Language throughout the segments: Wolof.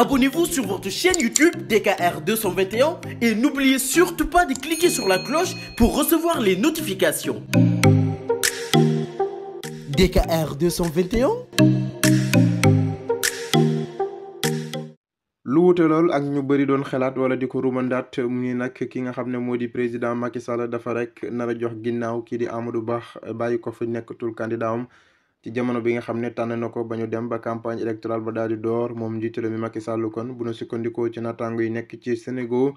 Abonnez-vous sur votre chaîne YouTube DKR 221 et n'oubliez surtout pas de cliquer sur la cloche pour recevoir les notifications. DKR 221. lu ak ñu bëri doon xalaat wala di ko rumandaat mu ni nag ki nga xam ne moo di président Macky Sall dafa rek nar a jox ginnaaw kii di Amadou Ba bàyyi ko fi nekkatul candidat ci jamono bi nga xam ne tànn na ko ba ñu dem ba campagne électorale ba daal di door moom njiitu réew mi Macky Sall kon bu ñu sukkandikoo ci naataango yi nekk ci Sénégal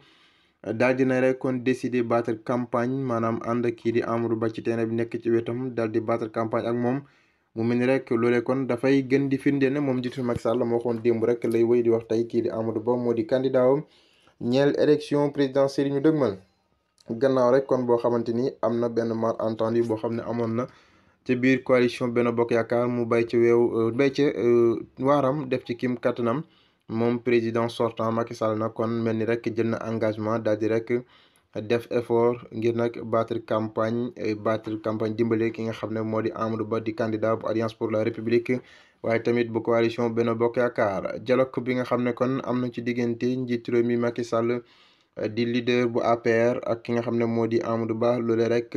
daal na rek kon décider battre campagne maanaam ànd kii di Amadou Ba ci terrain bi nekk ci wetam daal di battre campagne ak moom. mu mel ni rek loolee kon dafay gën di firnde ne moom njiitu Macky Sall moo waxoon démb rek lay wéy di wax tey kii di Amadou Ba moo di candidat am ñeel élection présidentielle yi ñu dëgmal gannaaw rek kon boo xamante ni am na benn malentendu boo xam ne amoon na. ci biir coalition Benno Bokk Yaakaar mu bay ci weew euh, bay ci euh, waaram def ci kim kattanam moom président sortant Macky Sall na kon mel ni rek jël na engagement daal di rek def effort ngir nag battre campagne euh, battre campagne dimbale ki nga xam ne moo di Amadou Ba di candidat bu Alliance pour la République waaye tamit bu coalition Benno Bokk Yaakaar dialogue bi nga xam ne kon am na ci diggante njiitu réew mi Macky Sall di leader bu APR ak ki nga xam ne moo di Amadou Ba loole rek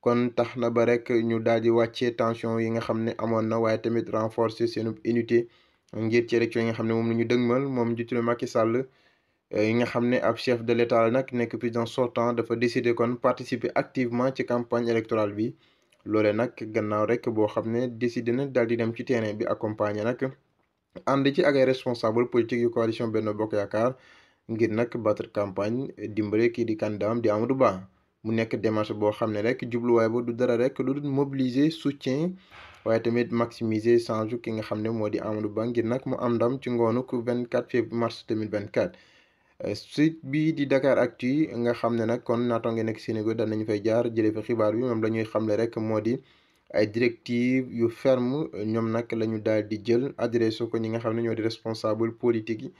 kon tax na ba rek ñu daal di wàccee tension yi nga xam ne amoon na waaye tamit renforcer seen unité ngir ci élection yi nga xam ne moom la ñu dëgmal moom njiitu réew Macky Sall eh, yi nga xam ne ab chef de l'état la nag nekk président sortant dafa décider kon participer activement ci campagne électorale bi loole nag gannaaw rek boo xam ne décider na daal di dem ci terrain bi accompagner nag ànd ci ak ay responsable politique yu coalition Benno Bokk Yaakaar ngir nag battre campagne dimbale kii di kandidaam di Amadou Ba mu nekk démarché boo xam ne rek jubluwaay ba du dara rek du dul mobiliser soutien waaye tamit maximiser change ki nga xam ne moo di Amadou Ba ngir nag mu am ndam ci ngoonu 24 février mars 2024. Euh, suite bi di Dakar Actu nga xam ne nag kon naataange nekk Sénégal danañu fay jaar jëlee fa xibaar bi moom la xam le rek moo di ay directive yu ferme ñoom nag la ñu daal di jël adressé ko ñi nga xam ne ñoo di responsable politique yi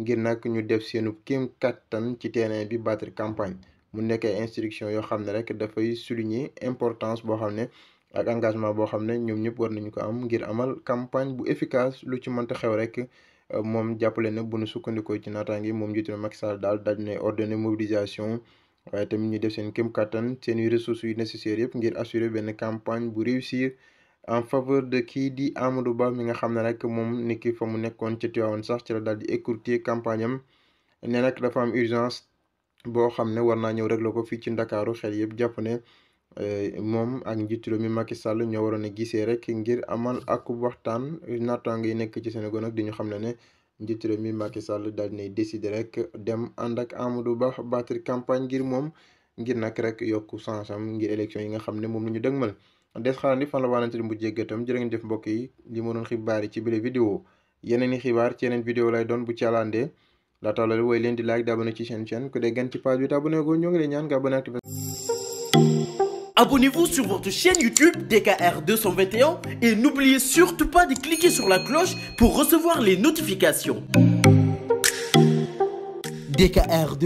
ngir nag ñu def seenu kéem kattan ci terrain bi battre campagne. mu nekk ay instruction yoo xam ne rek dafay souligner importance boo xam ne ak engagement boo xam ne ñoom ñëpp war nañu ko am ngir amal campagne bu efficace lu ci mënta xew rek euh, moom jàppale na bu nu sukkandikoo ci naataange moom njiitu na Macky daal daal dinay ordonné mobilisation waaye tamit ñu def seen kéem kattan seen i ressources yu nécessaires yëpp ngir assurer benn campagne bu réussir en faveur de kii di Amadou baax mi nga xam ne rek moom nit ki fa mu nekkoon ca Tivaouane sax ci la daal di écourter campagne am ne nag dafa am urgence boo xam ne war naa ñëw rek la ko fii ci ndakaaru xel yëpp jàpp ne eh, moom ak njiitu réew mi Macky Sall ñoo waroon a gisee rek ngir amal ak waxtaan naataango yi nekk ci Sénégal nag di ñu xam ne ne njiitu réew mi Macky Sall daal di nay décider rek dem ànd ak Amadou Ba battre campagne ngir moom ngir nag rek yokk chance am ngir élection yi nga xam ne moom la ñu dëgmal des xaarandi fan la waanante mu jéggatam jërë ngeen jëf mbokk yi li ma doon xibaar ci bile vidéo yeneen i xibaar ci yeneen vidéo lay doon bu caalandee laata loolu woy leen di like di ci chaîne chaîne ku dee gën ci page bi te abonné ko ñoo ngi lay ñaan nga abonné activé Abonnez-vous sur votre chaîne YouTube DKR et n'oubliez surtout pas de cliquer sur la cloche pour recevoir les notifications. DKR